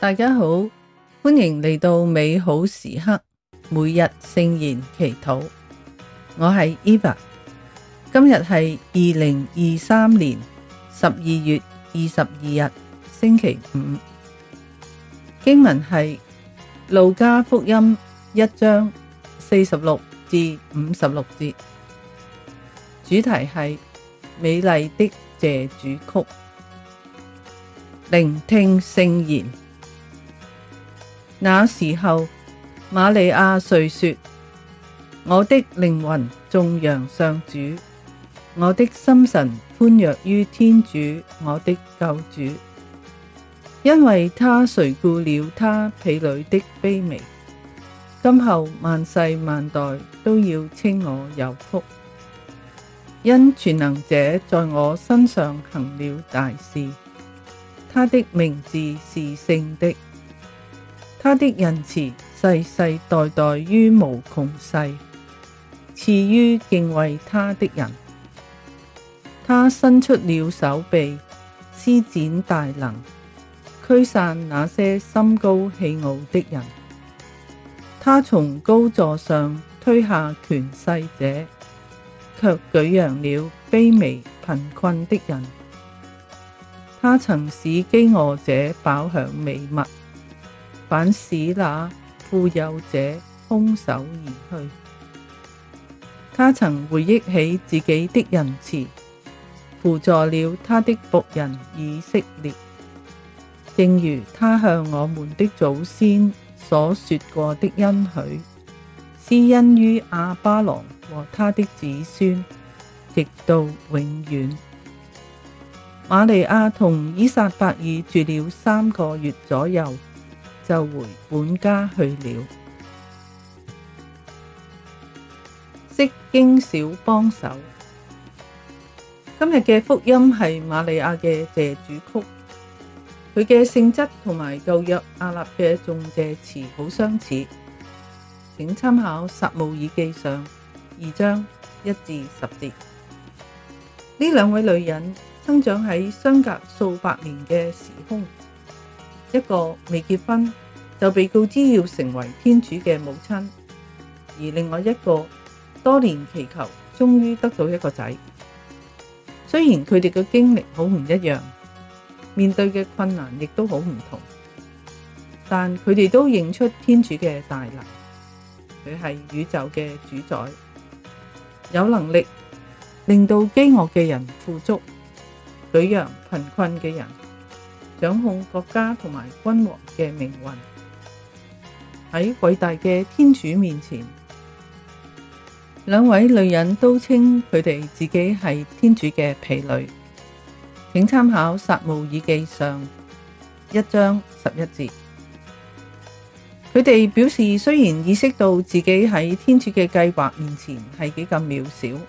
大家好，歡迎嚟到美好時刻每日聖言祈禱，我係 Eva，今日係二零二三年十二月二十二日星期五，經文係路加福音一章四十六至五十六節，主題係美麗的謝主曲，聆聽聖言。那時候，瑪利亞遂說：我的靈魂頌揚上主，我的心神歡躍於天主，我的救主，因為他垂顧了他婢女的卑微。今後萬世萬代都要稱我有福，因全能者在我身上行了大事，他的名字是聖的。他的仁慈世世代代於無窮世賜於敬畏他的人。他伸出了手臂，施展大能，驅散那些心高氣傲的人。他從高座上推下權勢者，却舉揚了卑微貧困的人。他曾使饑餓者飽享美物。反使那富有者空手而去。他曾回憶起自己的仁慈，扶助了他的僕人以色列，正如他向我們的祖先所說過的恩許，施恩於亞巴郎和他的子孫，直到永遠。瑪利亞同依撒伯爾住了三個月左右，就回本家去了，釋經小幫手。今日嘅福音係瑪利亞嘅謝主曲，佢嘅性質同埋舊約亞納嘅頌謝詞好相似，請參考撒母耳記上二章一至十節。呢兩位女人生長喺相隔數百年嘅時空。一個未結婚就被告知要成為天主嘅母親，而另外一個多年祈求，終於得到一個仔。雖然佢哋嘅經歷好唔一樣，面對嘅困難亦都好唔同，但佢哋都認出天主嘅大能，佢係宇宙嘅主宰，有能力令到飢餓嘅人富足，舉揚貧困嘅人。掌控國家同埋君王嘅命運，喺偉大嘅天主面前，兩位女人都稱佢哋自己係天主嘅婢女，請參考《撒慕爾記》上一章十一節。佢哋表示雖然意識到自己喺天主嘅計劃面前係幾咁渺小，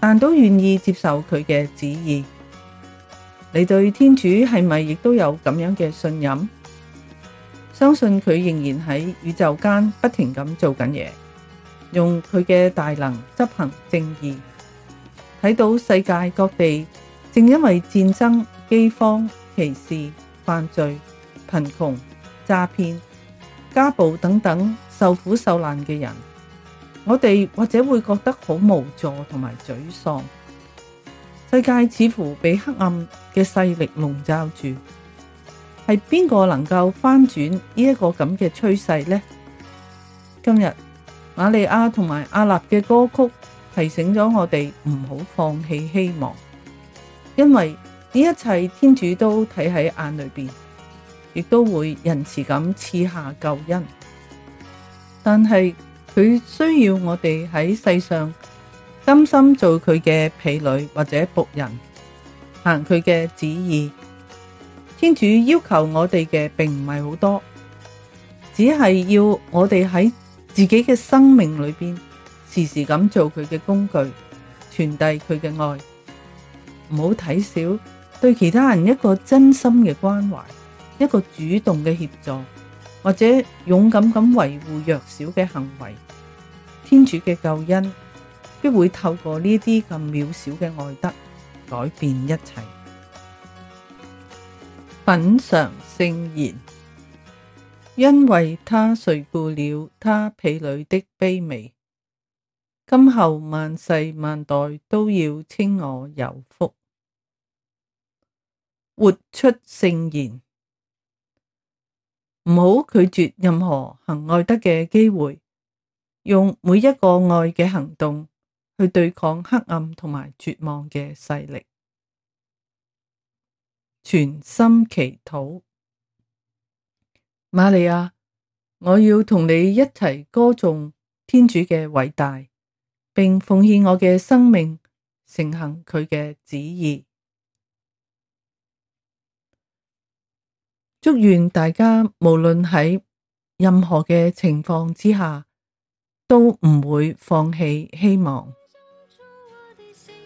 但都願意接受佢嘅旨意。你對天主係咪亦都有咁樣嘅信任？相信佢仍然喺宇宙間不停咁做緊嘢，用佢嘅大能執行正義。睇到世界各地正因為戰爭、饑荒、歧視、犯罪、貧窮、詐騙、家暴等等受苦受難嘅人，我哋或者會覺得好無助同埋沮喪。世界似乎被黑暗嘅勢力籠罩住，係邊個能夠翻轉呢一個咁嘅趨勢呢？今日瑪利亞同埋亞納嘅歌曲提醒咗我哋唔好放棄希望，因為呢一切天主都睇喺眼裏邊，亦都會仁慈咁賜下救恩。但係佢需要我哋喺世上。甘心做佢嘅婢女或者僕人，行佢嘅旨意。天主要求我哋嘅，並唔係好多，只係要我哋喺自己嘅生命裏邊，時時咁做佢嘅工具，傳遞佢嘅愛。唔好睇少對其他人一個真心嘅關懷，一個主動嘅協助，或者勇敢咁維護弱小嘅行為。天主嘅救恩。必會透過呢啲咁渺小嘅愛德改變一切。品嚐聖言，因為他垂顧了他婢女的卑微，今後萬世萬代都要稱我有福，活出聖言。唔好拒絕任何行愛德嘅機會，用每一個愛嘅行動。去對抗黑暗同埋絕望嘅勢力，全心祈禱，瑪利亞，我要同你一齊歌頌天主嘅偉大，並奉獻我嘅生命，承行佢嘅旨意。祝願大家無論喺任何嘅情況之下，都唔會放棄希望。